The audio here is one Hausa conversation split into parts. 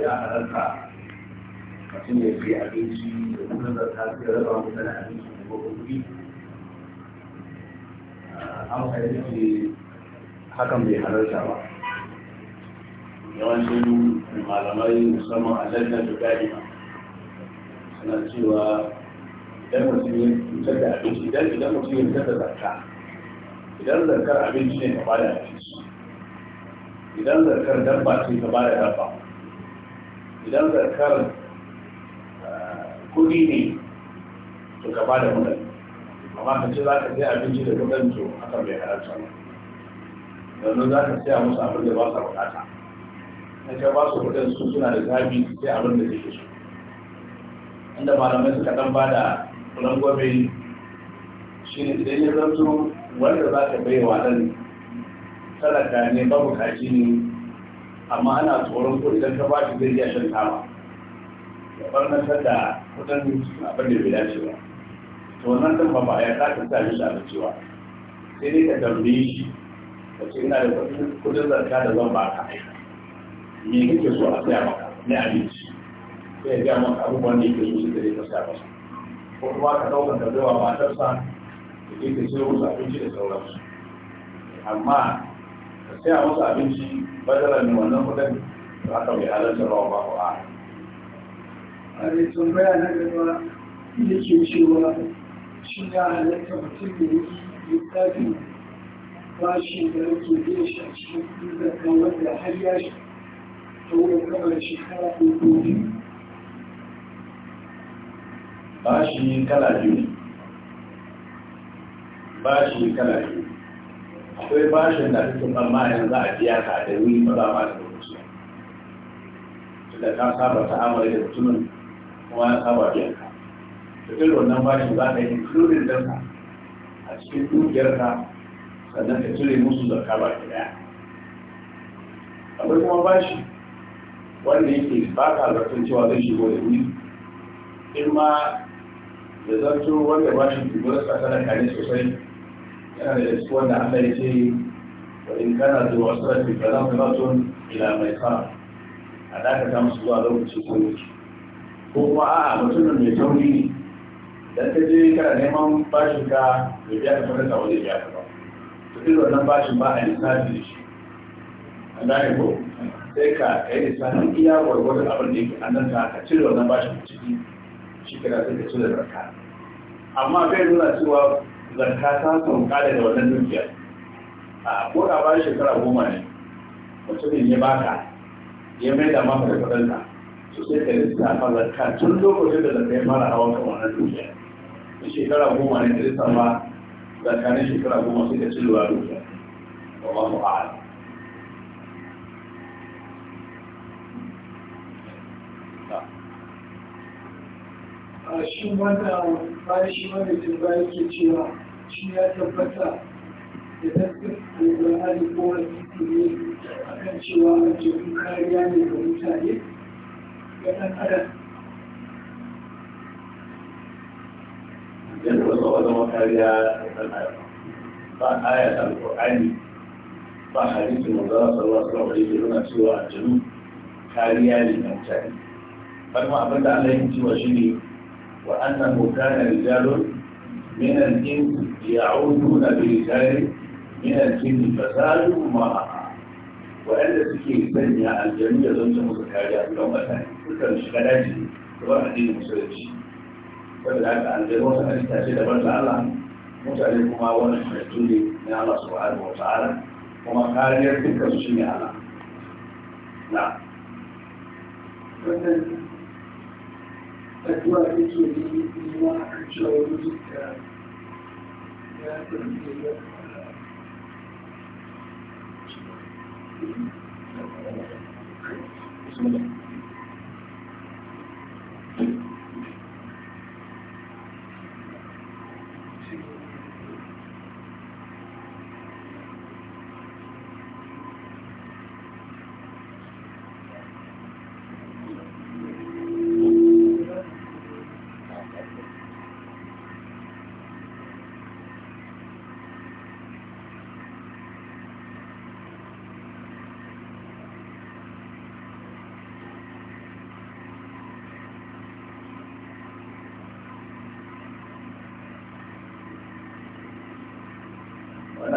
ya halarta mutum ya fi abinci da kuma da tasiri raba mutane abinci da kuma kuɗi an fahimci hakan bai halarta ba yawancin malamai musamman a lalata da gadi suna cewa idan mutum ya fitar da abinci idan idan mutum ya fitar da zarka idan zarkar abinci ne ka bada abinci idan zarkar dabba ce ka bada dabba idan zarkar ah, kudi ne to ka ba da amma ka ce za ka sai abinci da kudin to haka bai halarta ba yanzu za ka saya musu abin da ba sa bukata na ce ba su kudin su suna da zabi sai abin da suke so inda malamai suka dan ba da kudin gobe shi ne idan ya zanto wanda za ka baiwa nan talaka ne babu kaji ne amma ana tsoron ko idan ka bashi zai iya shan taba ya barnatar da kudin abin da bai dace ba to wannan din ba ba ya ka ta shi da cewa sai dai ka tambaye shi ka ce ina da kudin zarka da zan ba ka aika me kake so a tsaya maka ne abinci sai ya ga maka abubuwan da yake so shi da zai ka saya masa ko kuma ka dauka da zai wa matarsa da ke ta ce musu abinci da sauransu amma sai a wasu abinci badara ne wannan kudin da aka bai halarta rawa ba ko a ne sun baya na gaba da ke cewa shi ya halarta mutum da yake littafi bashi da ake biya shi a cikin zakka wanda har ya shi ta wurin kamar shekara ko biyu bashi kala biyu bashi kala biyu akwai bashin da kake tsammanin za a biya ka da wuri ba za ma da lokaci da ka saba ta ta'amari da mutumin kuma ya saba biya ka da irin wannan bashin za ka yi da ka a cikin ka sannan ka cire musu ka ba ki daya akwai kuma bashi wanda yake ba ka zartar cewa zai shigo da wuri in ma da zartar wanda bashin dubu da tsakanin kane sosai yana da su wanda Allah ya ce wa in kana da wasu rafi fara filatun ila mai a dakata musu zuwa kuma mai ne dan ka je kana neman bashin ka da biya ka fara waje biya ka ba to irin wannan bashin ba a lissafi da shi an gane ko sai ka kai lissafin iya gwargwadon abin da yake an ka ka cire wannan bashin ciki shi kira sai ka cire barka amma bai nuna cewa zarka ta kada da wannan dukiyar a ko da bayan shekara goma ne mutumin ya baka ya mai da maka da kudinka su sai ka lissafa zarka tun lokacin da zarka ya fara hawa kan wannan dukiyar da shekara goma ne ka lissafa zarka ne shekara goma sai ka ci lura ba wa masu a'ala a shi wannan bayan shi wannan jin bayan ke cewa shi ya tabbata da tasirin da hali ko wani ne a kan cewa a jirgin kariya ne ga mutane ga ɗan adam. Yadda ba zama kariya ga ɗan adam ba ayat al-Qur'ani ba hadisin da za su rawa sallallahu alaihi wasallam cewa a kariya ne ga mutane. Farma abin da Allah ya cewa shi ne فأنه كان رجال من الجن يعودون برجال من الجن فسالوا معها waɗanda suke sanya aljanu da zan musu kariya a kan mutane sukan shiga daji da ba addinin musulunci saboda haka aljanu wasu halitta ce daban da Allah mutane kuma wani halittu ne na Allah subhanahu wa ta'ala kuma kariyar dukkan athletics would be you want to control music. Uh, yeah, but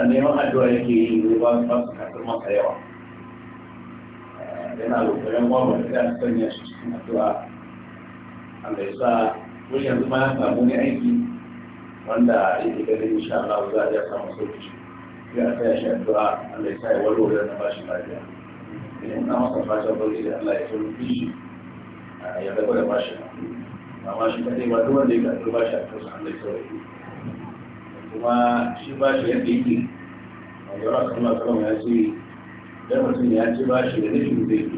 masa neman addu'a yake yi ne ba su karɓar masa yawa eh, yana lokacin gwamnati da sanya shi cikin addu'a Allah ya sa ko yanzu ma ya samu ne aiki wanda yake ganin insha Allah za a iya samun sauki sai a ya shi addu'a Allah ya sa ya wajen na bashi lafiya idan na masa fata bauti da Allah ya sauki shi ya dago da bashi amma shi kadai ba duk wanda ya ga bashi a kansa Allah ya sauki kuma shi bashi yadda yake shawara su kuma kan ya ce dan mutum ya ci bashi da nufin zai biya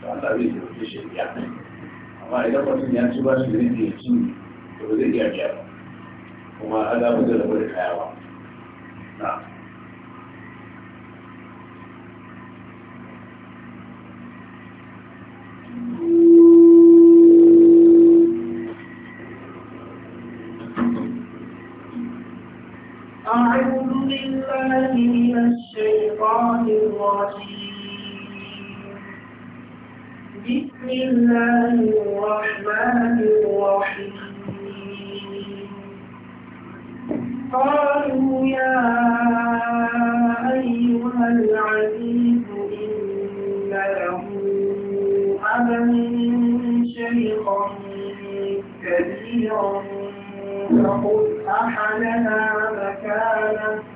to Allah zai biya amma idan mutum ya ci shi da nufin ya ci to zai iya biya kuma Allah zai rabu da kayawa na'am بسم الله الرحمن الرحيم قالوا يا أيها العزيز إن له أبا شيخا كبيرا فخذ أحدنا مكانه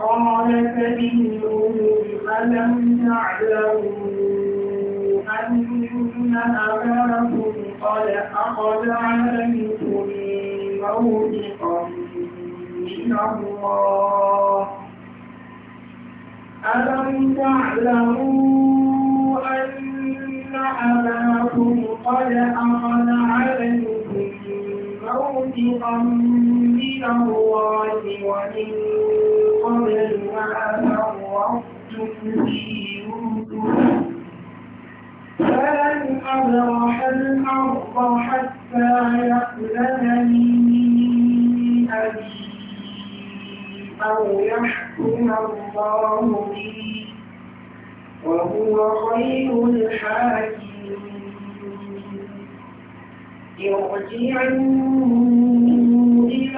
قال كبيرهم ألم تعلموا أن أباكم قد أخذ عليكم موثقا من الله ألم تعلموا أن أباكم قد أخذ عليكم موثقا من الله وإن قبل ما في فلن أبرح الأرض حتى أبي أو يحكم الله وهو خير الحاكم ارجعوا إلى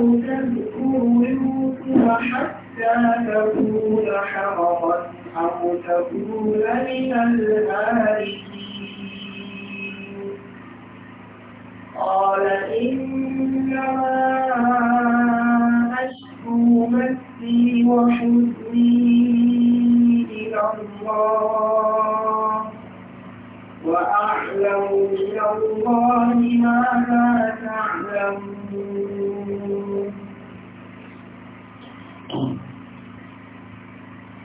تذكر منكم حتى تكون حرما أو تكون من الهالكين قال إنما أشكو مسي وحزني إلى الله وأعلم من الله ما لا تعلمون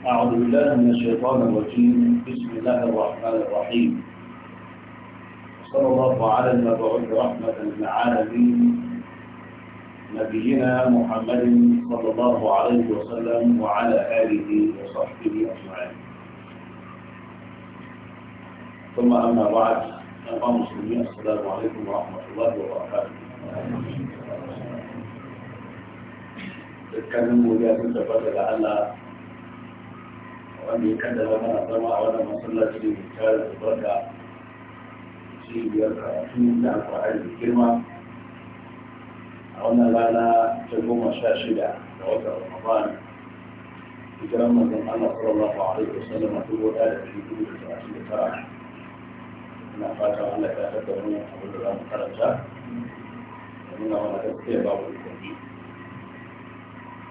أعوذ بالله من الشيطان الرجيم بسم الله الرحمن الرحيم صلى الله على المبعوث رحمة للعالمين نبينا محمد صلى الله عليه وسلم وعلى آله وصحبه أجمعين ثم أما بعد أيها المسلمين السلام عليكم ورحمة الله وبركاته تتكلم وجهة تبادل على wanda ya kaddara mana zama a wannan masallaci da mai tare da barka cibiyar karatu na alfahari da girma a wannan rana ta goma sha shida da watan ramadan hijiran manzon Allah sallallahu alaihi wasallam a dubu ɗaya da ɗari biyu da talatin da tara ina fatan Allah ya tabbata mu abin da za mu karanta da nuna mana gaskiya babu ikon ji.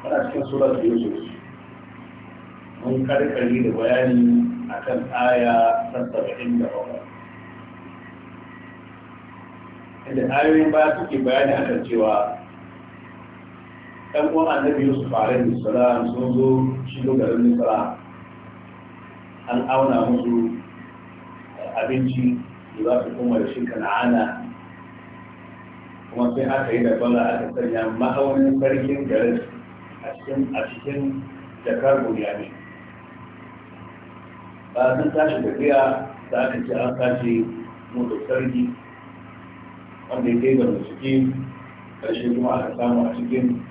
Ana cikin suratul Yusuf mun karkari da bayani akan aya ta saba'in da hawa inda ayoyin baya suke bayani a kan cewa ɗan uwan annabi yusuf alaihi salam sun zo shigo garin misra an auna musu abinci da za su kuma da shi kana'ana kuma sai aka yi da bala aka sanya ma'aunin sarkin garin a cikin jakar bunyamin ba tashi tashi tafiya da aka ce an kashe motar sarki wanda ya kai da ciki karshe kuma aka samu a cikin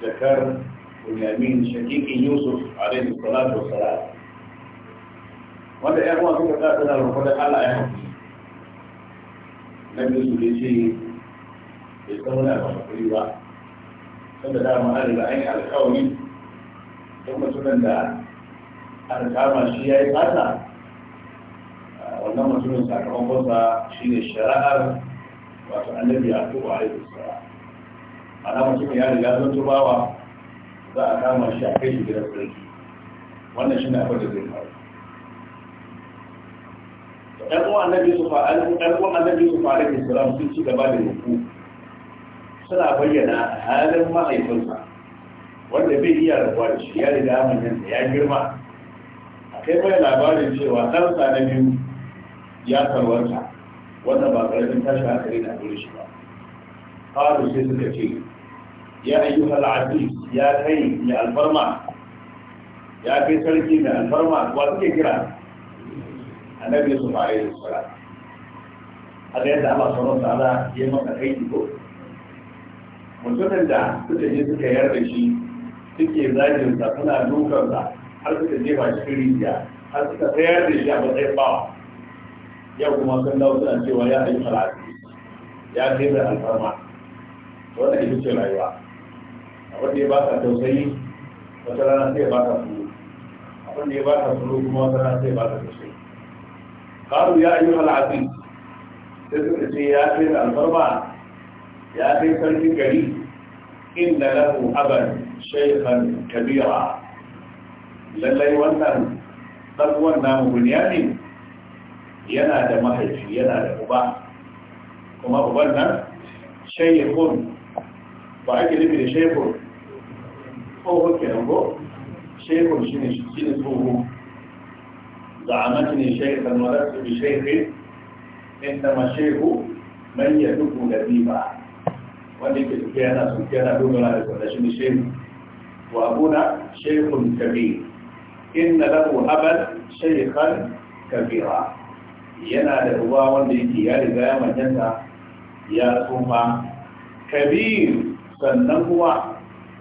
jakar bunyamin shakikin yusuf a alaihi salatu wasalam wanda ya kuma suka sa suna rufa da allah ya haƙi na biyu su ce bai san wani abu hakuri ba sanda da ma'ari da an yi alkawari don mutumin da aka kama shi ya yi tsata wannan mutumin sakamakon sa shi ne shari'ar wato annabi ya ko a yi ana mutumin ya riga zan tubawa za a kama shi a kai shi gidan sarki wannan shi ne abin da zai faru ɗan uwan annabi su fa'alin ɗan uwan annabi su fa'alin islam sun ci gaba da ruku suna bayyana halin mahaifinsa wanda bai iya rabuwa da shi ya riga manyan ya girma kai bai labarin cewa ɗansa na biyu ya tarwarta wanda ba ƙarfin tashi a kare na dole shi ba faru sai suka ce ya ayyuka al'adis ya kai mai alfarma ya kai sarki mai alfarma wa suke kira annabi su fare da sura a ga yadda Allah sauran ta'ala ya maka kai ko mutumin da suka je suka yarda shi suke zagin sa suna dukan sa har suka jefa cikin rijiya har suka tsayar da shi a matsayin bawa yau kuma sun dawo suna cewa ya yi malaki ya kai da alfarma wannan ita ce rayuwa abin da ya ba ka tausayi wata rana sai ya ba ka sulu abin da ya ba ka sulu kuma wata rana sai ya ba ka tausayi karu ya yi malaki sai suka ce ya kai da alfarma ya kai sarkin gari inda lahu aban shaykhan kabira lallai wannan ɗan'uwan namu bunyamin yana da mahaifi yana da uba kuma uban nan shayyakun ba ake nufi da shayyakun tsoho kenan ko shayyakun shi ne shi ne tsoho mace ne shayyakun wadda su bi shayyakun inda ma shayyaku man duk duku da biba wanda ke tafiya na su yana dogara da kwanashin ne shayyakun wa abuna shayyakun kabir inna lahu aban shaykhan kabira yana da uba wanda yake ya riga ya manyanta ya tsufa kabir sannan kuma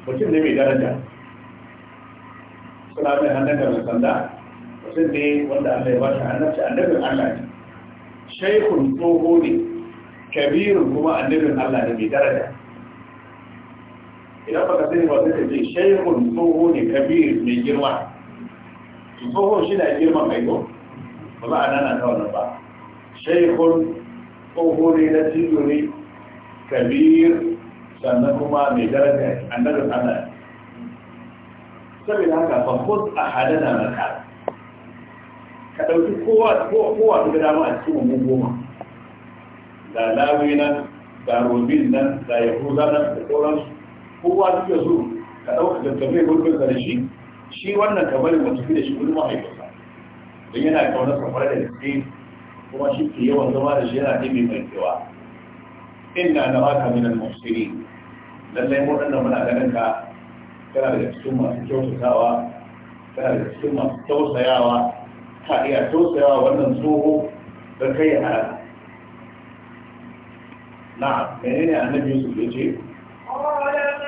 mutum ne mai daraja suna mai hannun da sanda mutum ne wanda Allah ya ba shi annabci annabin Allah ne shaikhun tsoho ne kabirun kuma annabin Allah ne mai daraja ce ne kabir mai girma tsoho shi na girman mai ko ba za a nana ta wannan ba shaikun tsoho ne na cizo ne kabir sannan kuma mai daraja annabin allah saboda haka fahimtar a hadana maka ka ɗauki kowa ta ma a cikin mummun goma da lawi nan da robin nan da yahuza nan da sauransu kowa suke su ka ɗauka gaggame gurbin da shi. shi wannan kamar mu fi da shi wani mahaifinsa don yana kaunar kamar da gaske kuma shi ke yawan zama da shi yana ɗin mai kewa inda na ba ka minan mashiri lallai mu dan muna ganin ka kana da cikin masu kyautatawa kana da cikin masu tausayawa ka iya tausayawa wannan tsoho don kai ya halaka na menene annabi Yusuf ya ce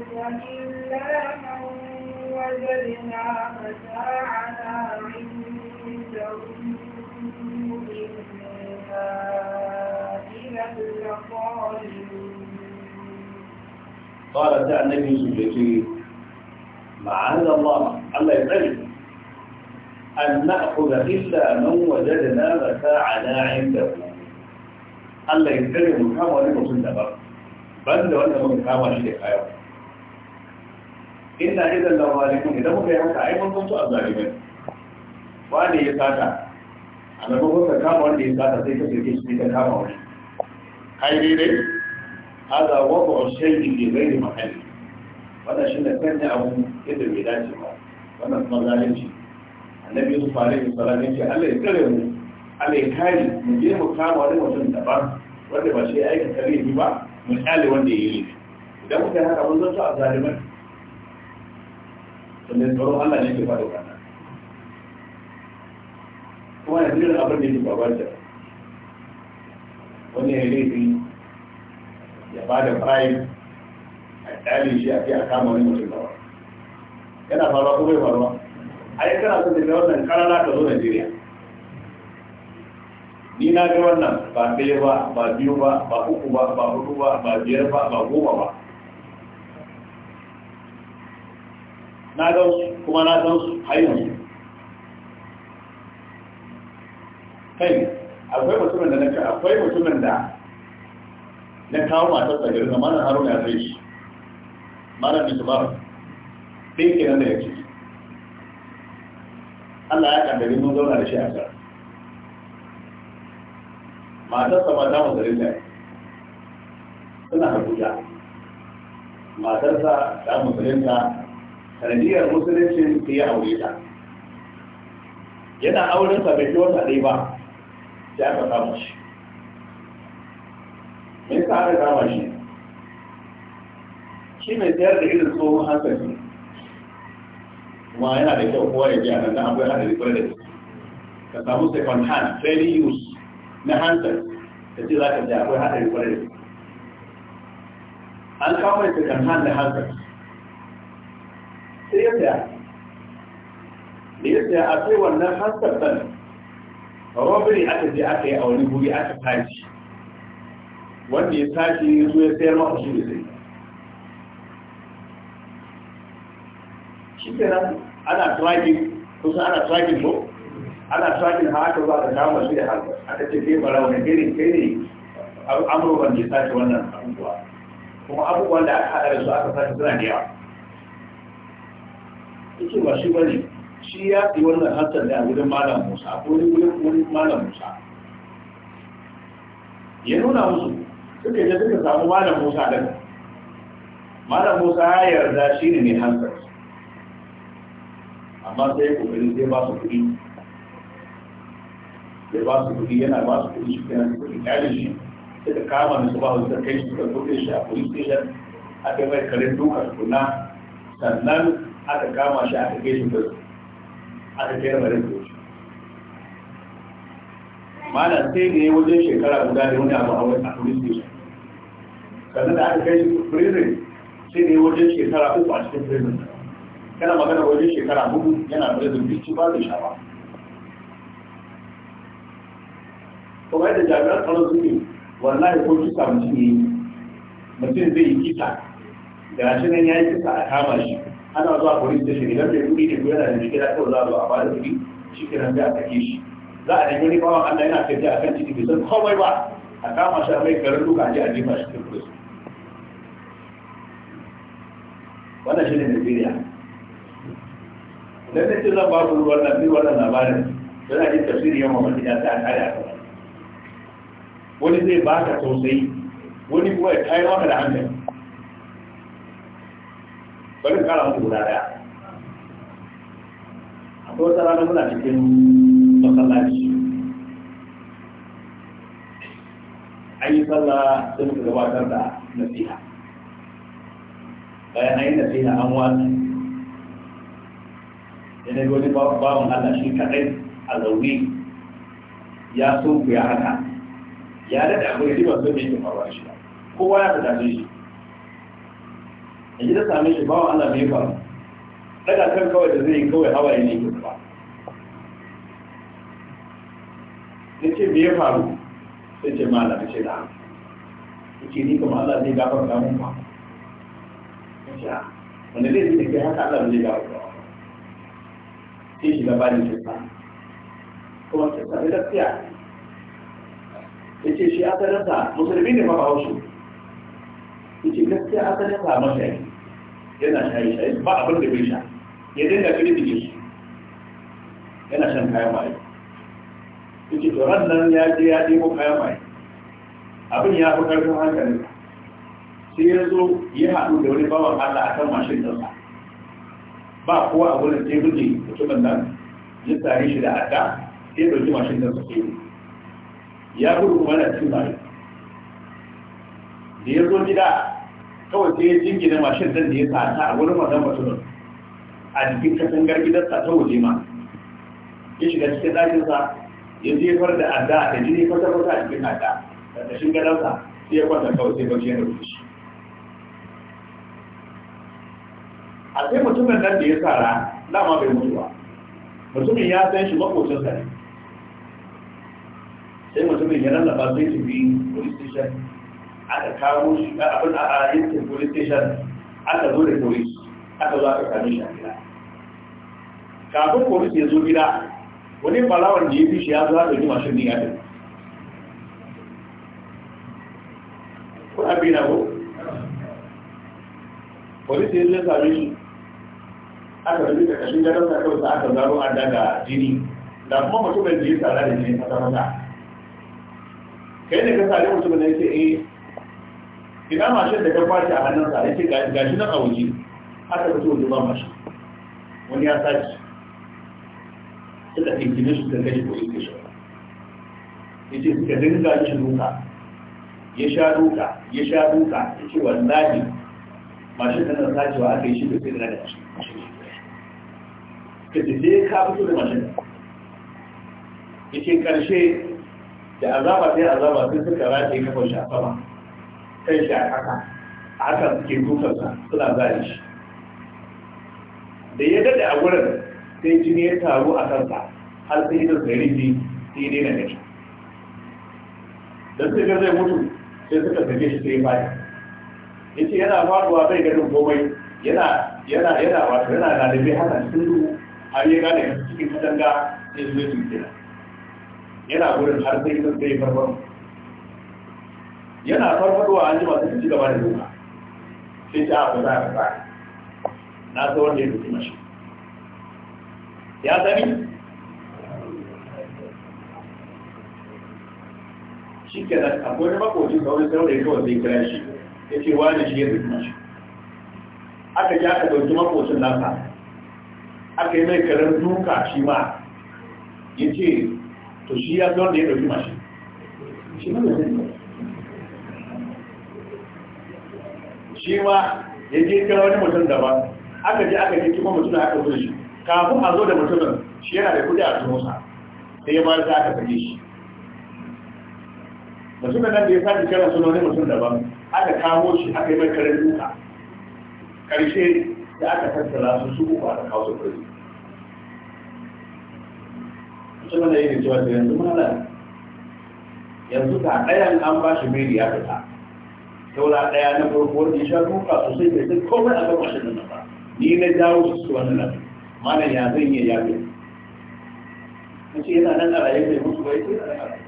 إلا من وجدنا متاعنا عنده إنا إذا قال تعالى في سجدي معاذ الله الله يبارك أن نأخذ إلا من وجدنا متاعنا عنده الله ya tsare mu kama wani mutum daban ban da wanda inna idan la walikun idan muka yi haka ai mun a azzalimin wani ya sata a na gogo ka kama wanda ya sata sai ka sirke shi ka kama wani kai dai dai hada waqa'u shay'in bi ghairi mahalli wannan ne sanya abu yadda bai dace ba wannan kuma zalunci annabi yusuf alaihi salam yace Allah ya kare mu Allah ya kare mu je mu kama wani mutum daban wanda ba shi aika kare ba mu kyale wanda ya yi idan muka haka mun zanto a zalimai sannan tsoron Allah ne ke faɗo rana kuma ya jiran abin da ke babanta wani ya laifi ya ba da fayin a ɗalin shi a fi a kama wani mutum dawa yana faruwa ko bai faruwa a yi kana son da wannan karara ka zo Najeriya ni na ga wannan ba ɗaya ba ba biyu ba ba uku ba ba hudu ba ba biyar ba ba goma ba na gan su kuma na gan su har yanzu kai akwai mutumin da na ka akwai mutumin da na kawo matar da mana haru na zai shi mana bisu ba ɗin kenan da ya ce Allah ya kandari mun zauna da shi a kan matarsa ta mu garin da suna Abuja matarsa mu garin da sanadiyar musulunci sai ya aure ta yana auren sa bai wata ɗaya ba sai aka kama shi me yasa aka kama shi shi mai tsayar da irin tsohon hankali kuma yana da kyau kowa ya ji nan da akwai hadari kwarai da ka samu second hand very use na hankali ka ce za ka ji akwai hadari kwarai da an kama second hand na hankali sai ya tsaya da ya tsaya a sai wannan hansar ɗan robbery aka je aka yi a wani guri aka tashi wanda ya tashi ya zo ya sayar maka shi da sai shi kenan ana tracking kusa ana tracking ko ana tracking har aka zuwa da kama shi da hansar aka ce kai bara wani gani kai ne amurban da ya tashi wannan abubuwa kuma abubuwan da aka haɗa da su aka tashi suna da yawa yake ba shi bane shi ya fi wannan hassar da wurin malam musa ko wurin wurin malam musa ya nuna musu suka je suka samu malam musa din malam musa ya yarda shi ne mai hansar amma sai kokari sai ba su kuɗi sai ba su kuɗi yana ba su kuɗi shi kenan kuɗi kyalin shi suka kama ne su ba su kai shi suka kuɗe shi a police station aka mai kare duka tukuna sannan aka kama shi aka kai shi bai aka kai marin shi. mana sai ne wajen shekara guda da wani abu a wani su station sannan da aka kai shi prison sai ne wajen shekara uku a cikin prison kana magana wajen shekara hudu yana prison bici ba da shawa kuma yadda jami'ar tsaron suke wallahi ko kisa mutum ne mutum zai yi kisa da shi nan ya yi kisa a kama shi ana zuwa police station idan bai kudi ne ko yana da da ko za a zo a bada kudi shi nan da aka shi za a nemi wa Allah yana tafiya a kan ciki, bai san komai ba a kama shi a mai garin duka a je a jefa shi cikin police wannan shi ne Najeriya idan na ce zan ba ku wannan bi wannan labarin yana yin tafsiri yamma wani ya ta kare a wani zai baka tausayi wani kuma ya kai maka da hankali bari kara muku guda daya akwai wata rana muna cikin masallaci an yi sallah sai muka gabatar da nasiha bayan an yi nasiha an watsa ya ne babu bawan Allah shi kaɗai a zaune ya so ya haka ya daɗa akwai riba so mai yin faruwa shi kowa ya fita shi da ji ta same shi bawa Allah mai faru daga kan kawai da zai yi kawai hawaye ne ke ba ya ce mai faru sai ce malam ce da ya ce ni kuma Allah zai gafarta mun ba ya ce wanda zai yi tafiya haka Allah zai gafar gafarta sai shiga bani cuta kuma cuta da gaskiya ya ce shi a asalinsa musulmi ne ma ba hausu yace gaskiya asalin ba mashayi yana shayi shayi ba abin da bai sha ya dinga kiri da shi yana shan kayan maye yace to ran nan ya je ya debo kayan maye abin ya fi karfin hankalin sai ya zo ya haɗu da wani bawan Allah akan mashin ɗinsa ba kowa a wurin sai buge mutumin nan ya tsare shi da adda sai ya ɗauki mashin ɗinsa sai ya gudu kuma na cin mashin da ya zo gida kawai sai ya jingina mashin ɗin da ya sata a wurin wannan mutumin a jikin katangar gidansa ta waje ma ya shiga cikin ɗakinsa ya jefar da adda da jini kwata-kwata a cikin adda da tashin gadansa sai ya kwanta kawai sai bacci ya rufe shi a sai mutumin nan da ya sara dama bai mutu ba mutumin ya san shi makocinsa ne sai mutumin ya lallaba sai biyu police station aka kawo shi a abin a yankin police station aka zo da police aka zo aka kame shi a gida kafin police ya zo gida wani balawar da ya fi shi ya zo da yi mashin ni gadin ko abi na ko police ya zo ya same shi aka zo da kashin gadon sa kawai aka zaro an daga jini da kuma mutumin da ya tsara da jini a tsaron kai ne ka sare mutumin da ya ce eh ina mashin da ka kwace a hannunsa ya ce gashi nan a waje aka fito waje ba mashin wani ya sace suka tinkine shi da gashi ko yake shi ya ce suka dinga shi ruka ya sha duka ya sha duka ya ce wallahi mashin da nan sacewa aka yi shi da sai da shi ka ce sai ka fito da mashin ya ce karshe da azaba sai azaba sai suka rataye kafar shi a kan shi a haka a haka suke dukansa suna zari shi da ya daɗe a wurin sai jini ya taru a kansa har sai da gari ne sai dai na gashi don sai zai mutu sai suka sake shi sai baya ya ce yana faruwa bai ganin komai yana yana yana wato yana lalibai haka cikin duhu har ya gane cikin katanga sai zai tuke yana wurin har sai sun sai farfaro yana farfadowa an jima sun ci gaba da noma sai ta abu za a ba na zo wanda ya duki mashi ya sani shi ke nan akwai wani makoci da saurayi kawai zai kira shi ya ce wani shi ya duki mashi aka ji aka dauki makocin nasa aka yi mai karin duka shi ma ya ce to shi ya zo wanda ya duki mashi shi ma da zai shi ma ya je kira wani mutum daban aka je aka je kuma mutum aka zo shi kafin a zo da mutumin shi yana da kudi a tunansa sai ya bayar da aka fage shi mutumin nan da ya sa kira suna wani mutum daban aka kawo shi aka yi mai karin duka karshe da aka tattara su su uku aka kawo su kuri mutumin da yake cewa da yanzu mana yanzu ka ɗayan an ba shi mai ya fita daura daya na farko in sha duka sosai bai sai komai a kan mashin nan ba ni na dawo su su wannan nan mana ya zan yi ya kai na ce yana nan a raye bai mutu bai sai a raye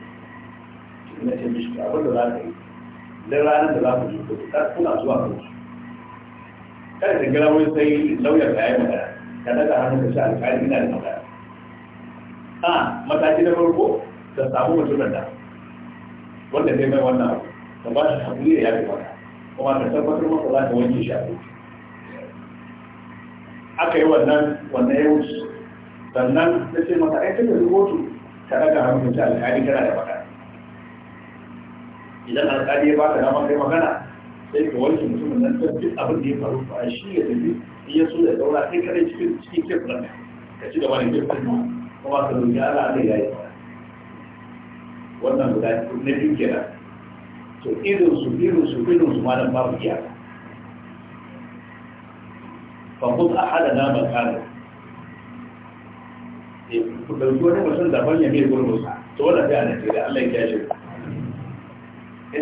na ce mishi abin da za ka yi dan ranar da za ku ji ku ta kuna zuwa ku kada ka gira wani sai lauyar ka yi magana ka daga hannun ka sha alƙali ina da magana a ah, mataki na farko ka samu mutumin da wanda zai mai wannan abu ka ba shi hakuri da ya fi maka kuma ka tabbatar maka za wanke shi a aka yi wannan wannan ya wuce sannan na ce maka ai kada rubutu ka daga hannun ta alƙali kana da magana idan alƙali ya baka dama kai magana sai ka wanke mutumin nan ta duk abin da ya faru ba shi ya tafi in ya so ya daura kai kadai cikin cikin kef ɗin ka ci gaba da kef ɗin kuma ka roƙi Allah Allah ya yi wannan guda na biyu kenan to idon su idon su idon su malam babu iyaka fa kun hada na makana eh, ku ɗauki wani mutum daban ya mai gurbinsa to wanda ta yana da Allah ya shi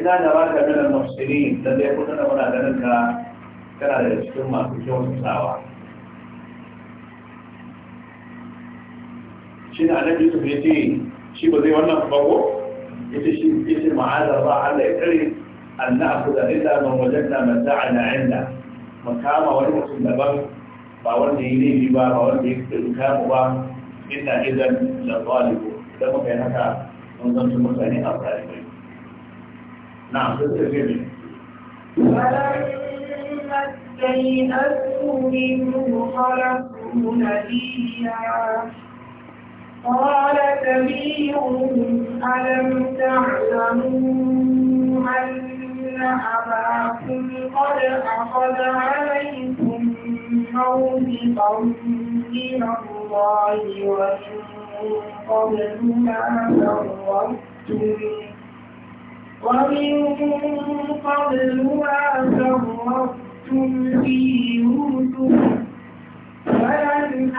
ina da ba ka ganin mafsiri da zai kusa da wani ganin ka kana da cikin masu sawa shi da Yusuf su ce shi ba zai wannan bango? يجيش يجيش معاذ الله عز وجل أن نأخذ إلا من وجدنا متاعنا عنده مكامة ونمت النبغ فأولنا جبا بها فأولنا يكتب وبا إنا إذا لطالب لما كانك منظمة المسلمين الظالمين نعم تستجيب فلما استيئسوا منه خلقوا نبيا قال كبيرهم ألم تعلموا أن أباكم قد أخذ عليكم موثقا من الله ومن قبل ما فرطتم ومن قبل ما فرطتم في يوسف فلن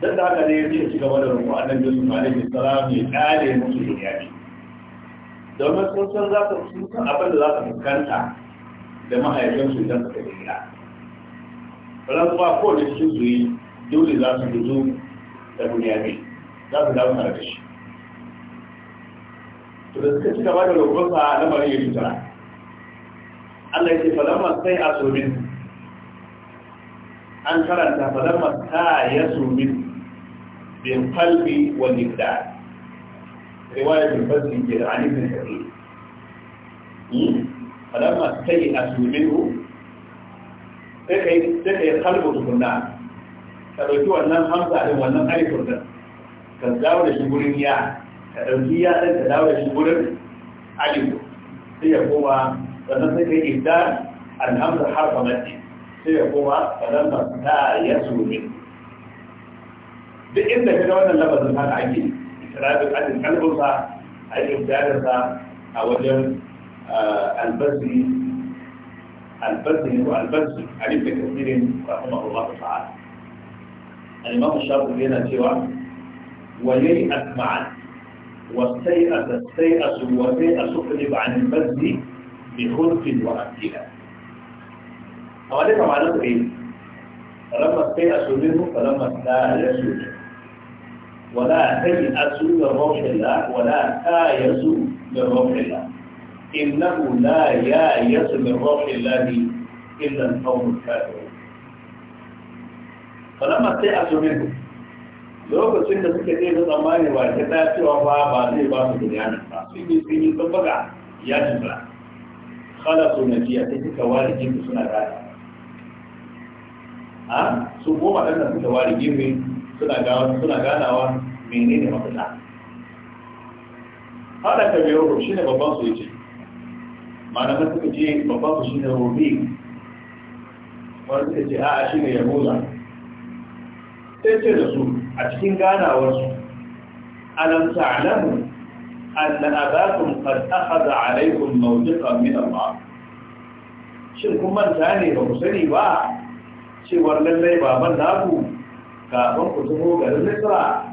Dan da haka ne ya ce ci gaba da roƙo annabi Yusuf alaihi salam ya kare musu ce. Domin sun san za su sun san abin da za su fuskanta da mahaifinsu idan suka gida. rantsuwa ko da cikin su yi dole za su guzo da duniya ne za su dawo tare da shi to da suka ci gaba da roƙonsa lamarin ya cuta Allah ya ce falamma sai a somin an karanta falamma ta ya somin bin falbi wa nidda riwaya bin fasli ke da anifin shari'i hmm? falamma sai a somin sai ka yi sai ka yi tukunna ka ɗauki wannan hamza ɗin wannan alifin ɗin ka dawo da shi gurin ya ka ɗauki ya ɗin ka dawo da shi gurin alifu sai ya koma sannan sai ka yi ibda alhamza harfa mace sai ya koma kadan ba ta ya suru duk inda ka ga wannan labarin haka ake ikirabin adin kalbinsa a ibdadarsa a wajen ah, albasi البذل هو البذل عليك كثير رحمه الله تعالى الإمام الشافعي هنا سوى وييأس معا والسيئة السيئة والسيئة اقلب عن البذل بخلق وأمثلة ليس معناته إيه؟ فلما السيئة منه فلما السائل منه ولا سيئة من روح الله ولا تايسوا من روح الله إنه لا يأيس من روح الله إلا القوم الكافرون فلما سئلت منه lokacin da suka ce da tsammani ba ta ta cewa ba ba zai ba su gudanar ba sun yi sun yi ya ci ba kala na jiya ta suka ware gefe suna gada a su goma ɗan da suka ware suna ganawa menene mafita hada ka shi ne babban su yace malamai suka ce babban su shine rubi wani suka ce a'a shi ne yahuza sai ce da su a cikin ganawarsu alam ta'lamu anna abakum qad akhadha alaykum mawdiqan min Allah shin kun manta ne ba ku sani ba cewar lallai baban naku kafin ku taho garin Misra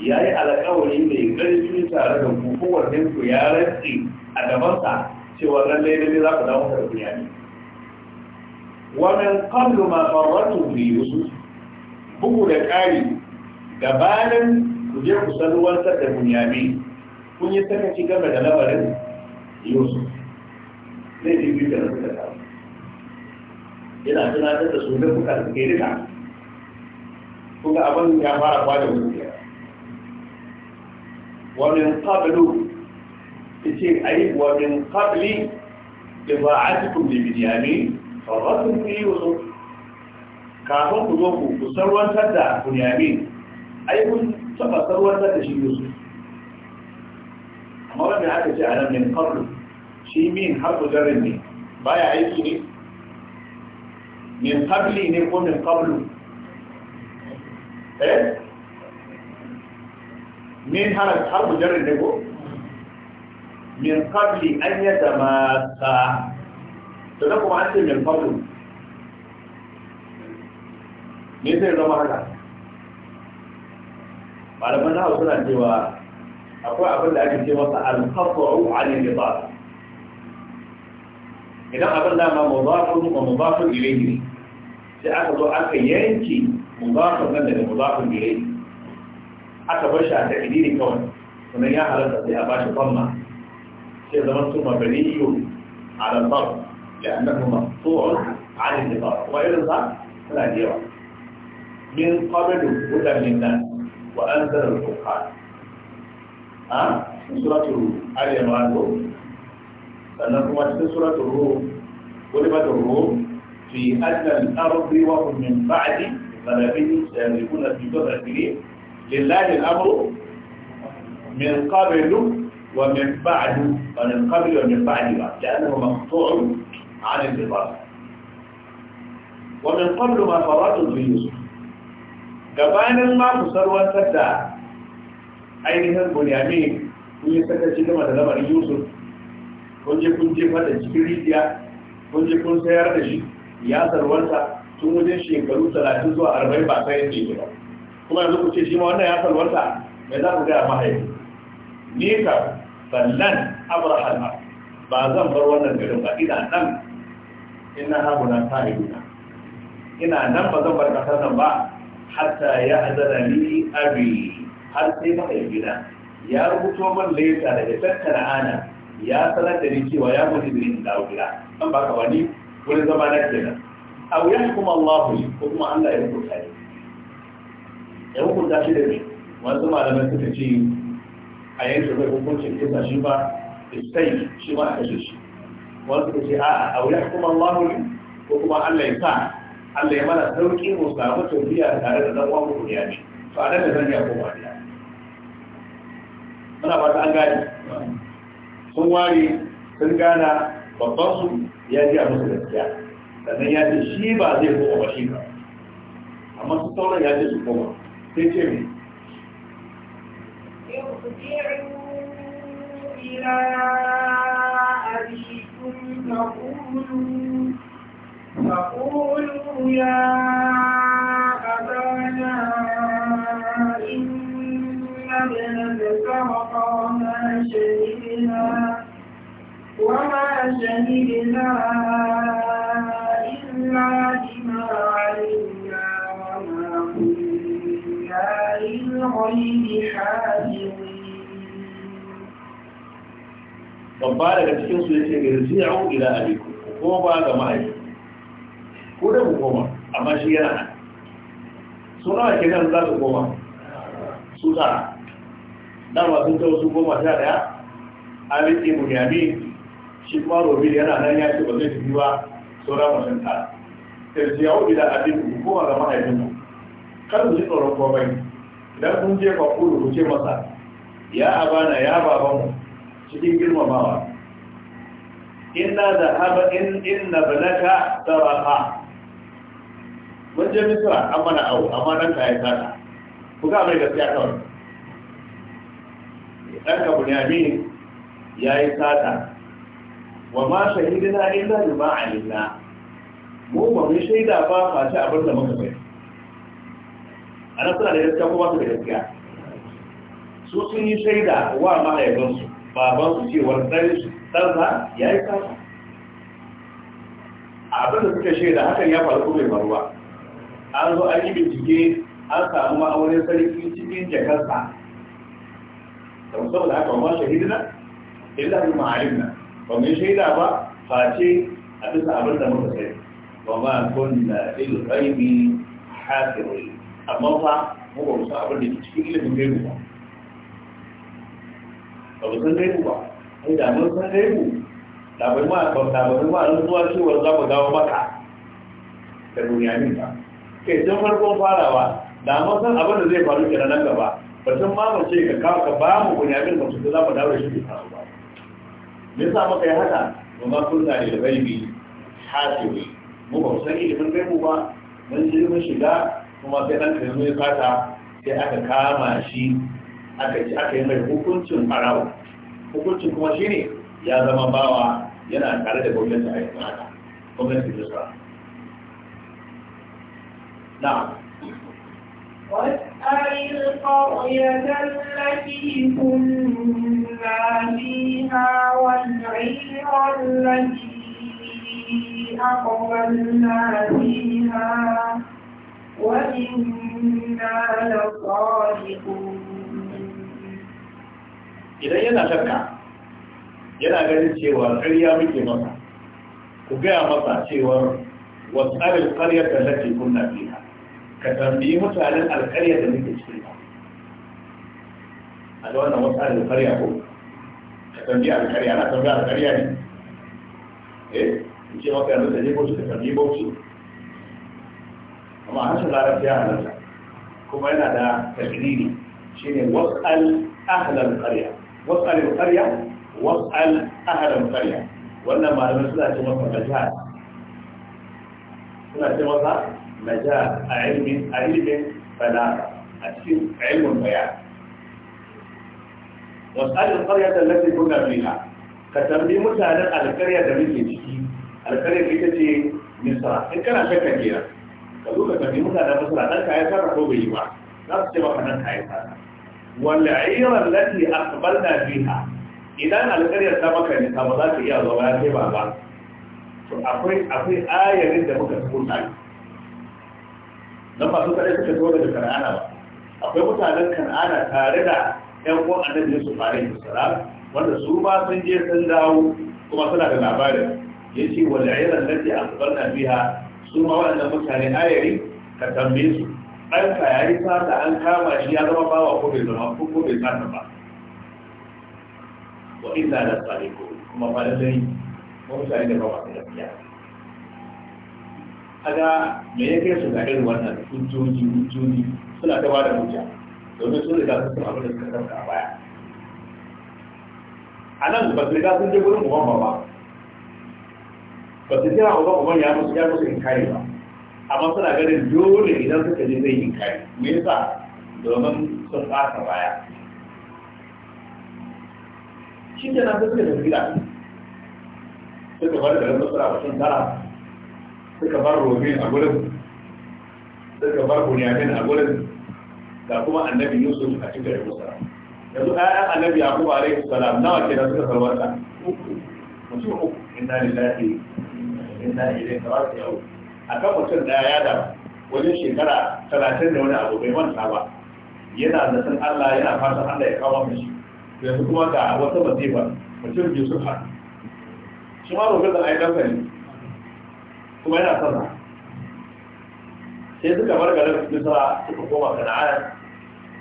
ya yi alƙawari mai ƙarfi tare da ku kowanne ya rantsi a gabansa cewa lallai lalle za ku dawo ka duniya ne wa min qablu ma farratu bi yusuf bugu da ƙari gabanin ku je ku san salwantar da bunyami kun yi sakaci game da labarin yusuf zai ji bi da rasu da kawo yana tunatar da su da kuka da ke rika kuka abin ya fara kwada wuce wa min qablu يصير أي ومن قبل إضاعتكم لبنيامين فرغتم في يوسف كافر قدوكم بسروا سدى بنيامين أي من سبا سروا سدى شي يوسف أما ربي هكا جعل من قبل شي مين حرف جرمي بايا عيسوني من قبل نقول من قبل إيه؟ مين حرف حرف جرمي نقول min qabli an yatamassa to da kuma an ce min qabli me ya zama haka malaman na hausa na cewa akwai abin da ake ce masa al-qat'u 'ala al ba. idan abin da ma ba su mudafun ilayhi sai aka zo aka yanki su nan daga mu ba mudafun ilayhi aka bar shi a takdiri kawai sannan ya halatta sai a ba shi famma كده زمان مبني على الضرب لأنه مقطوع عن النظام وإرضى فلا يرى من قبل هدى للناس وأنزل الفرقان ها سورة آل عمران sannan kuma سوره الروم ruh غلبت الروم في أدنى الأرض وهم من بعد غلبه سيملكون في جزء سنين لله الأمر من قبل ومن بعد ومن قبل ومن بعد بعد لأنه مقطوع عن الإضافة ومن قبل ما فرط الضيوف gabanin ma ku sarwantar da ainihin bunyami kun yi sakaci gama da lamarin yusuf kun je kun jefa da cikin rijiya kun je kun sayar da shi ya sarwanta tun wajen shekaru talatin zuwa arba'in ba sai yake gida kuma yanzu ku ce shi ma wannan ya salwanta mai za ku gaya mahaifi ni ka ballan abrahal ma ba zan bar wannan garin ba ina nan ina haguna ta iduna ina nan ba zan bar kasar nan ba hatta ya azana ni abi har sai gida. ya rubuto man leta daga tattara ana ya sanar da ni cewa ya mutu da ni dawo gida an baka wani wurin zama na kenan kuma yahkum Allah ko kuma Allah ya hukunta ni ya hukunta shi da ni wasu malamai suka ce a yanke mai hukuncin kisa shi ba sai shi ma a kashe shi wani suka ce a'a a wuya kuma Allah ne ko kuma Allah ya sa Allah ya mana sauki mu samu tafiya tare da dan uwan mu ya ne to a nan da zan ya koma da muna ba ta an gane sun ware sun gana babban su ya ji a musu gaskiya sannan ya ce shi ba zai koma ba shi ba amma su tauna ya ce su koma sai ce mai إلى أبيكم فقولوا فقولوا يا أبانا إن ابنك سرق وما شهدنا وما شهدنا إلا بما علمنا وما كنا للغيب حافظين babba daga cikin su yake irji'u ila abikum ko ba ga mahaifi ko da ku koma amma shi yana nan su ke nan za su koma su da ba sun ta su goma sha daya a rike bunyami shi kuma robi yana nan ya ce ba zai tafi ba sauran mutum ta irji'u ila abikum ko ba ga mahaifinku kar ku ji tsoron komai idan kun je ba ku ce masa ya abana ya babanmu cikin girmamawa inna zahaba in inna balaka saraka mun je misra an mana au amma nan ka yi sata ku ga mai gaskiya kawai dan ka bunyamin ya yi sata wa ma shahidina illa bima alimna mu ba mu shaida ba face abin da muka bai a nan suna da gaskiya kuma ba su da gaskiya su sun yi shaida wa mahaifinsu baban su wannan ɗansa ya yi kama abin da suka shaida hakan ya faru mai maruwa. an zo an yi bincike an samu ma'aunin sarki cikin jakarsa da musamman da haka ba shahidina illa bi ma'alimna ba mai shaida ba face a bisa abin da muka sai ba ma kunna ilu ghaibi hafirun amma fa mu ba mu san abin da ke cikin ilimin gaibi ba ba mu san gaibu ba ai da mun san gaibu da bai ma ba da bai ma rantsuwa cewa za mu dawo maka da duniyanin ka kai tun farkon farawa da mun san abin da zai faru kenan nan gaba ba san ma mu ce ka ka ba mu bunyamin ba su za mu dawo shi bai faru ba me yasa muka yi haka ba ma kunna ne da gaibi hasibi mu ba san ilimin gaibu ba mun ji mun shiga kuma sai dan kai ya fata sai aka kama shi aka ci aka yi mai hukuncin farawa hukuncin kuma shi ne ya zama bawa yana tare da gwamnati a yanzu haka gwamnati da sa na واسأل القرية التي idan yana shakka yana ganin cewa ƙarya muke masa ku gaya masa cewar wasu abin ƙaryar da lake kunna fiha ka tambayi mutanen alƙaryar da muke cikin ba a da wannan wasu abin ƙarya ko ka tambayi alƙarya na tambaya alƙarya ne eh in ce maka yanzu da je bauchi ka tambayi bauchi amma harshen larabci ya halarta kuma yana da tasiri shine wasu al ahlal ƙarya واسأل القرية واسأل أهل القرية وإنما ما لم يسلها في وصف مجال سلها في وصف مجال علم علم فلا أكثر علم بيان واسأل القرية التي كنا فيها كتنبي مساعدة على القرية التي تجي القرية التي تجي مصر إن كان شكا كيرا كذلك كتنبي مساعدة مصر أتلك أيضا رحوبه يوا نفس جواب أنك أيضا wal'ira lati aqbalna fiha idan alƙaryar ta maka ne ba za ta iya zuwa ya kai ba ba to akwai akwai ayarin da muka tsuna dan ba su kare suka zo daga Kan'ana ba akwai mutanen Kan'ana tare da ƴan uwan Annabi Yusuf alaihi salam wanda su ba sun je sun dawo kuma suna da labarin Ya yace wal'ira lati aqbalna fiha su ma waɗannan mutane ayari ka tambaye su ɗanka ya yi fata an kama shi ya zama bawa ko bai zama ko bai sata ba wa illa da tsariko kuma ba lallai ba da ba masu gaskiya kaga me ya kai su ga irin wannan hujjoji hujjoji suna ta bada hujja domin sun riga sun san da suka a baya a nan ba su riga sun je gurin uban ba ba ba su jira uban uban ya musu ya musu in kare ba amma suna ganin dole idan suka je zai yi kari me yasa domin sun ɓata baya shi ke nan suka tafi da suka bar garin a cikin tara suka bar romin a gurin suka bar bunyamin a gurin ga kuma annabi yusuf a cikin garin masu yanzu ayan annabi ya kuma alaihi salam nawa ke da suka sarwata uku mutum uku inna lillahi inna ilaihi ya'u a kan mutum da ya da wajen shekara talatin da wani abu bai manta ba yana da san Allah yana fatan Allah ya kawo mishi yanzu kuma ga wata masifa mutum ji su haɗu shi ma rogar da ayi ɗansa ne kuma yana sana sai suka bar garin bisa suka koma kana'an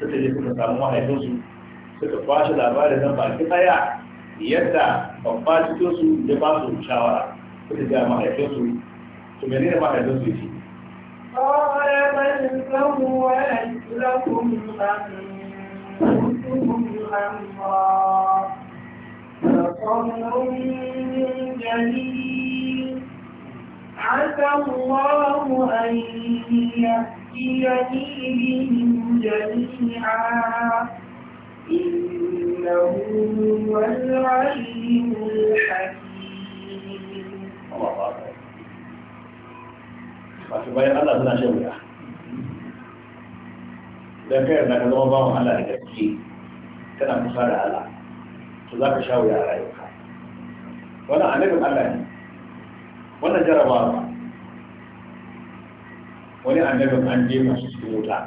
suka je suka samu mahaifinsu suka kwashe labarin nan baki tsaya, yadda babba cikinsu ya ba su shawara suka ga mahaifinsu to mene ne mahaifin su yake قال بل سولت لكم أنفسكم أمرا فصبر جليل عسى الله أن يأتيني بهم جميعا إنه هو العليم الحكيم wasu bayan Allah suna shan wuya idan kai yarda ka zama bawan Allah da gaske kana kusa da Allah to za ka sha wuya a rayuwa wannan annabin Allah ne wannan jarabawa wani annabin an jefa su cikin wuta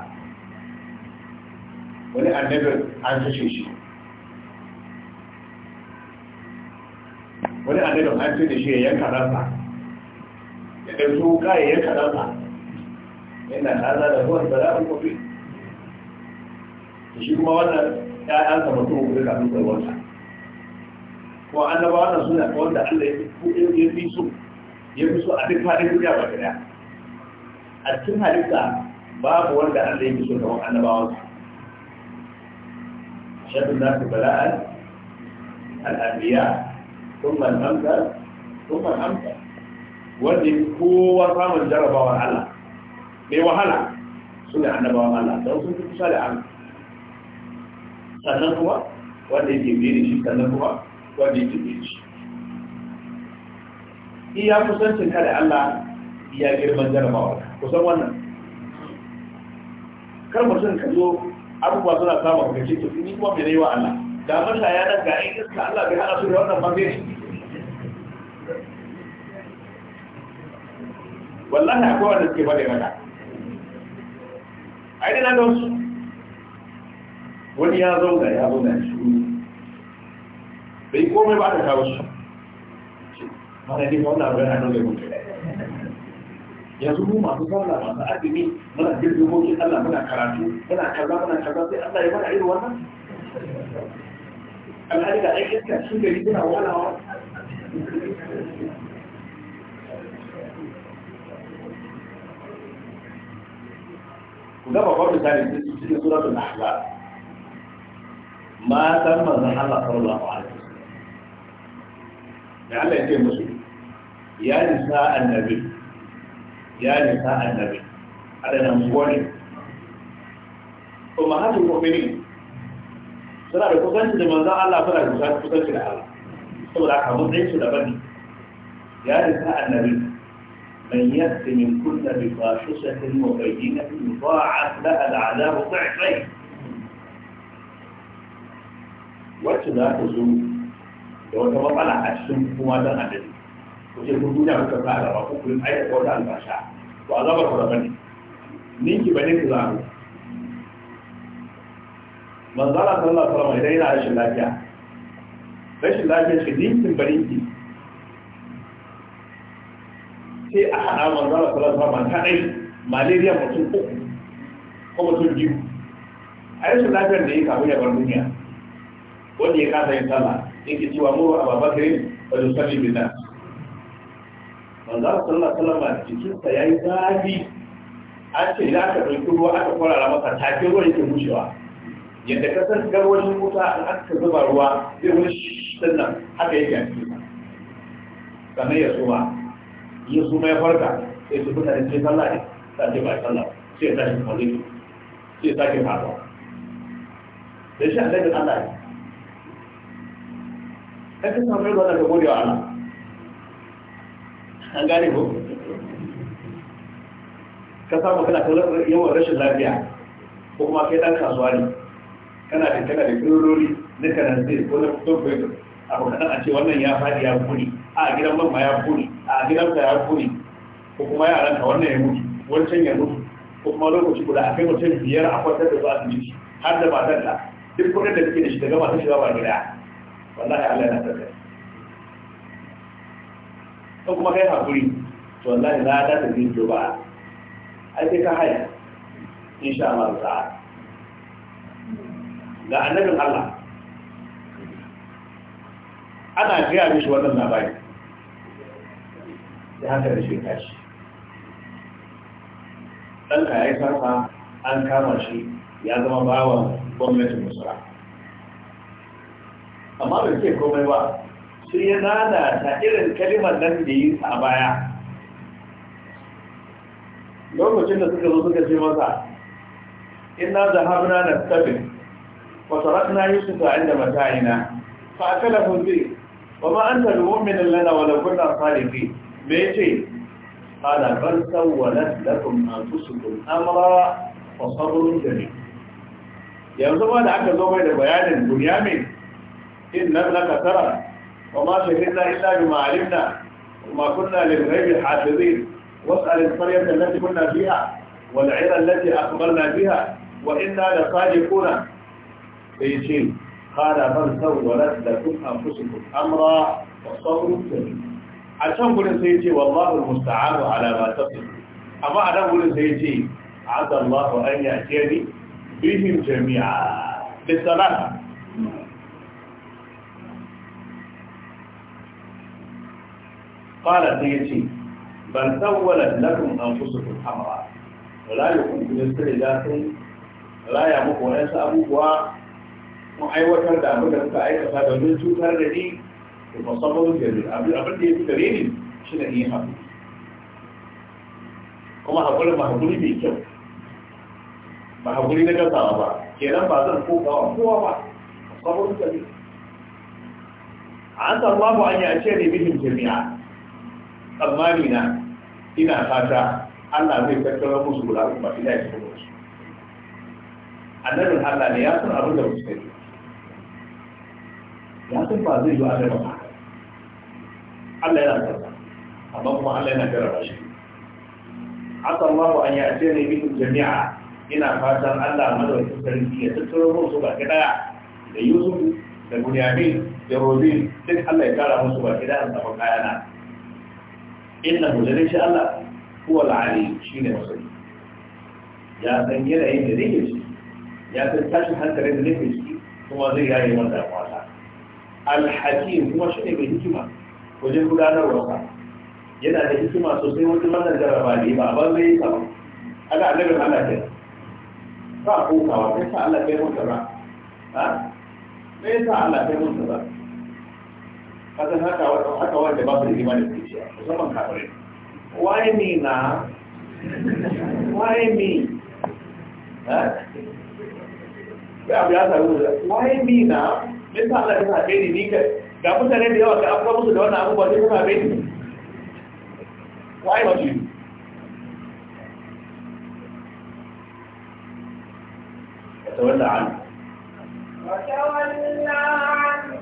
wani annabin an kashe shi wani annabin an fi da shi ya yanka ransa da su kayayyar karama yana haza da ruwan zara'in kofi shi kuma wannan ya'yan sa mutum kuma da sun tsarwarsa kuma annaba wannan suna wanda allah ya fi so ya fi so a duk halin duniya ba gida a cikin halitta babu wanda allah ya fi so kamar annabawansa shaɗin nasu bala'an al'adiyya ثم الأمثل ثم الأمثل wanda kowa samun jarabawar Allah mai wahala su ne annabawan Allah don sun fi kusa da Allah sannan kuma wanda yake biye da shi sannan kuma wanda yake biye shi iya kusancin kare da Allah iya girman jarabawar kusan wannan kar mutum ka zo abubuwa suna samun kace to ni kuma mai rewa Allah da masha ya nan ga iska Allah bai hana su da wannan bangare wallahi akwai wanda suke faɗin haka ai dina don su wani ya da ya zauna shi bai komai ba ta kawo shi mana ne ba wani abin hannun zai mutu yanzu mu masu sallah masu azumi muna jirgin hoki Allah muna karatu muna kaza muna kaza sai Allah ya mana irin wannan alhali ga aikin ka shi gari suna walawa ga babban misali da su cikin suratul nahla matan manzon Allah sallallahu alaihi wasallam da Allah ya ce musu ya nisa annabi ya nisa annabi adana muwani kuma hadu mu'minin suna da kusanci da manzan Allah suna da kusanci da Allah saboda haka mun tsaye su daban ya nisa annabi من يأتي من كل بفاشسة مبينة يضاعف لها العذاب ضعفين وتلاحظوا لو تبقى على حسن فما دان عدد وتلك الدنيا وتبقى على رفوك من أي قول عن بشاعة وأضاب الربني نيك بنيك الآن من ظلت الله صلى الله عليه وسلم إلينا عشان لاجع فاشل لاجع شديد من بنيكي sai a haɗa manzo Allah sallallahu alaihi wasallam kadai malaria mutum uku ko mutum biyu a rashin lafiyar da ya kamu ya bar duniya wanda ya kasa yin sallah yake cewa mu a babakirin ba su sani bin nan manzo Allah sallallahu alaihi wasallam jikinsa yayi zafi an ce da aka ɗauki ruwa aka kwarara masa take ruwa yake bushewa yadda ka san garwashin wuta an aka zuba ruwa zai wani sannan haka yake a cikin sannan ya suma yi suna ya farka sai su fita da ce sallah ne ta ce ba sallah sai ta shi su sai ta ke faruwa da shi annabin Allah ne kan ka samun yadda ka gode wa an gane ko ka samu kana kallon yawan rashin lafiya ko kuma kai dan kasuwa ne kana da kana da kirori na kanan zai ko na kusurfe abu kaɗan a ce wannan ya faɗi ya kuni a gidan man ma ya kuni a ya kuri ko kuma yaran ka wannan ya mutu wancan ya mutu ko kuma lokaci guda a kai mutum biyar a kwantar da su asibiti har da matar da duk kudin da kake da shi daga masu shiga za ba gida wallahi Allah yana tsaka ko kuma kai hakuri to wallahi za ta ta biyo ba ai sai ka haya insha Allah ta'ala ga annabin Allah ana jiya mishi wannan labari sai haka da shi tashi Allah ya sasa an kama shi ya zama bawan gwamnatin musura amma bai ce komai ba sai ya nana ta irin kalimar nan da yi a baya lokacin da suka zo suka ce masa inna zahabna nastabil wa tarakna yusufa inda mata'ina fa akalahu bi wa ma anta mu'minin lana wa law kunna salihin بيتي قال بل سولت لكم أنفسكم أمرا فصبر جميل يا زوجة عندك زوجة بيان الدنيا من إن لك ترى وما شهدنا إلا بما علمنا وما كنا للغيب حافظين واسأل القرية التي كنا فيها والعيرة التي أقبلنا بها وإنا لصادقون بيشين قال بل سولت لكم أنفسكم أمرا وصبر جميل a can gudun sai ce wallahu musta'adu ala ma tasif amma a nan gudun sai ce azza lafa an ni, bihin jami'a bisalat fara sai ce ban bal sawwalat lakum anfusukum amra la yukuntu yasridatun la ya muku sa abubuwa mu aiwatar da abin da suka aikata domin cutar da ni to musamman gare abin da ya fi gare shi ne kuma ba haƙuri kyau ba ba ba zan kokawa kowa ba musamman gare an tsammaku an yi a ce ne bihin jami'a tsammani na ina fata Allah zai tattara musu guda kuma ina yi su musu annabin Allah ne ya san abin da musu ya san ba zai yi adama ba Allah yana karba amma kuma Allah yana karba shi asa Allah an ya ce ne bikin jami'a ina fatan Allah madaukakin sarki ya tattaro musu baki daya da Yusuf da Bunyamin da Robin duk Allah ya kara musu baki daya da kayana inna hujjar shi Allah huwa al-ali ne masani ya san yanayin da zai ciki. ya san tashi hankalin da zai ciki kuma zai yayi wanda ya kwata al-hakim kuma ne mai hikima wajen gudanarwa yana da hikima sosai wajen wannan jarraba ne ba ban zai sa ba ana annabin Allah ke ba ko ka wa sai sa Allah kai mutara ha sai sa Allah kai mutara kada haka wato haka wanda ba su da imani da shi musamman kafirai why me na why me ha ya biya ya samu why me na me sa Allah ya sa kai ni kai ga mutane da yawa ga abuwa musu da wannan abubuwa ne kuma bai why not you وتولى عنه وتولى عنه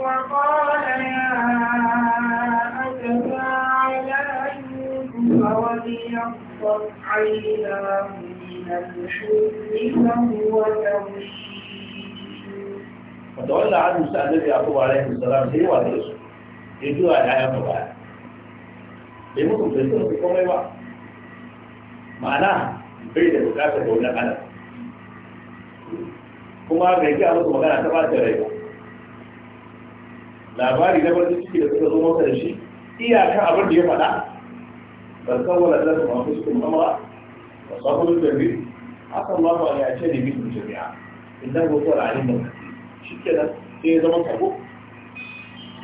وقال يا أسفى على يوسف وليقصت عيناه من الحزن wanda wannan hannun a annabi ya kuma alaihi salam sai wa da su ya zuwa da ayan baya bai muku bai su su komai ba ma'ana bai da bukatar da wani ana kuma bai ji a musu magana ta ta rai ba labari na barci ciki da suka zo mota da shi iyaka abin da ya faɗa ban kawala da su mafi cikin mamara ba sabon da biyu akan mafi a ce ne biyu jami'a inda ko kawai a yin shi kenan sai ya zama sabo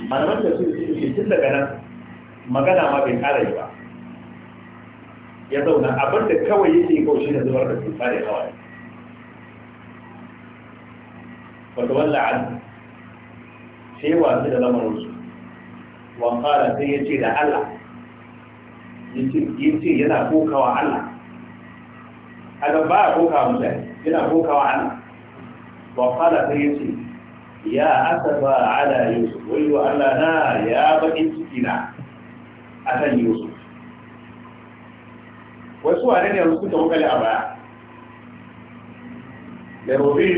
malaman da su ke tun daga nan magana ma bai kara yi ba ya zauna abin da kawai yake kawai shi ne zubar da tuta da kawai wata walla an sai wasu da lamarin su wankara sai ya ce da allah ya ce yana kokawa allah a ba a kokawa mutane yana kokawa allah wankara sai ya ce ya asaba ala yusuf wayo Allah na ya bakin ciki na akan yusuf wasu wane ne wasu ta wakali a baya da robe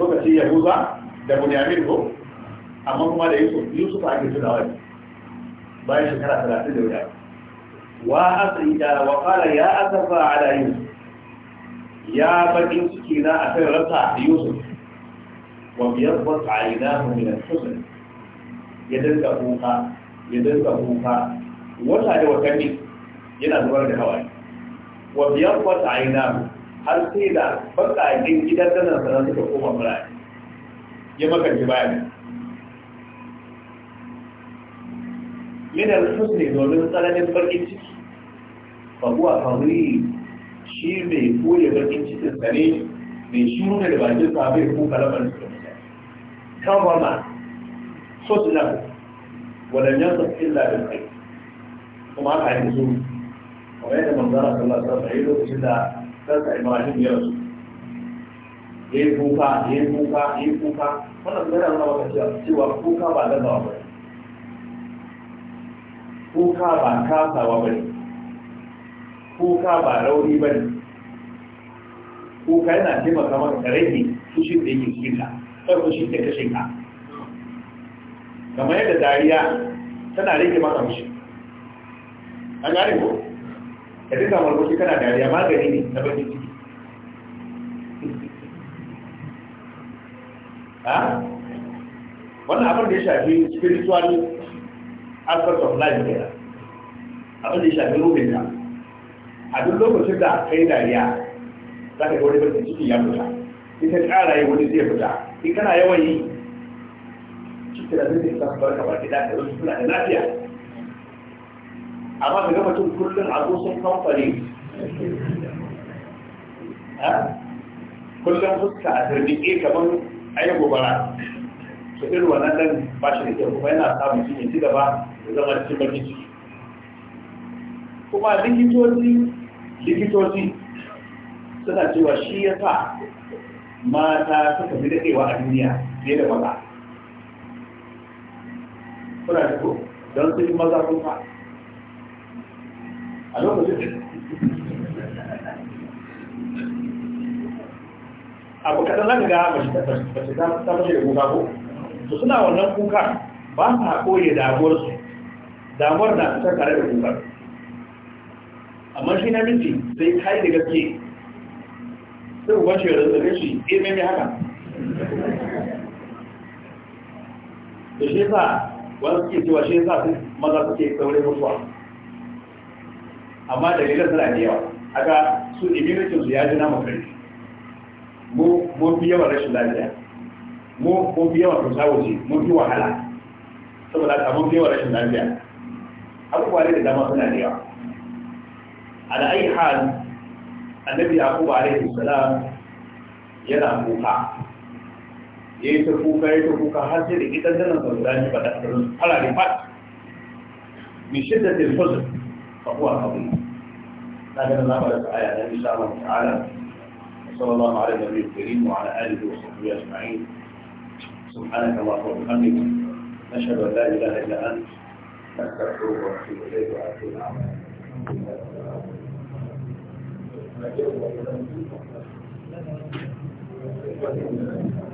ka ci yahuza da bunyamin ko amma kuma da yusuf yusuf ake tunawa wani. bayan shekara talatin da wuya wa asida wa qala ya asafa ala yusuf ya bakin ciki na akan rasa yusuf وبيضت عيناه من الحزن يدلك بوقا يدلك بوقا ولا جوا كني ينا دوار الهواي وبيضت عيناه هل سيدا بقى يدين جدا دنا سنانك قوم أمراي يما كان جبايا من الحزن دولن سلام بركيتي فهو حضيري شيء بيقول يبركيتي سنين من شنو نلبانجل صابير كون كلام نسلو كرم خذله ولم ينطق إلا بالخير ثم على النزول وبين من درس الله yi lokacin da سلسة إبراهيم يرسل Yi kuka yi kuka yi kuka wannan zai nuna zama cewa cewa kuka ba da dawa ba kuka ba kasawa ba kuka ba rauni ba ne kuka yana taimaka maka ka rage fushin da yake cikin ta. farko shi ta kashe ka kamar yadda dariya tana rage maka mushi an gari ko ka duka marmashi kana dariya magani ne na bakin ciki ha wannan abin da ya shafi spiritual aspect of life ne abin da ya shafi rubin ka a duk lokacin da ka yi dariya za ka ga wani bakin ciki ya fita ita ƙara yi wani zai fita in kana yawan yi cikin da zai sa barka ba gida da wasu suna da lafiya amma ka ga mutum kullum a zo sun kamfani kullum fuska a tarbiƙe kamar a yi gobara su irin wannan dan ba shi da kyau kuma yana samun shi ne ci gaba da zama cikin bakin ciki kuma likitoci likitoci suna cewa shi ya sa mata suka fi daɗewa a duniya fiye da maza suna da ko don su yi maza sun fa a lokacin abu kaɗan zaka ga mace ta fashe da kuka ko to suna wannan kuka ba sa koye damuwarsu damuwar na fitar tare da kuka amma shi na minti sai kai da gaske sai uban shi da tsare shi eh mai mai haka da shi sa wani suke cewa shi sa sun maza suke saurin mutuwa amma dalilin suna da yawa aka su immunitin su ya ji namu kai mu mun fi yawan rashin lafiya mu mun fi yawan kusa waje mun fi wahala saboda haka mun fi yawan rashin lafiya abubuwa ne da dama suna da yawa ala ayi hal annabi yaqub alaihi salam yana kuka yayi ta kuka yayi ta kuka har sai da idan nan da guda ne ba da karin halali fat min shiddatil huzn fa huwa qabil kaga da zaba da aya da insha Allah ta'ala sallallahu alaihi wa sallam karim wa ala alihi wa sahbihi ajma'in سبحانك اللهم وبحمدك نشهد ان لا اله الا انت نستغفرك ونتوب اليك واتوب العمل Thank you.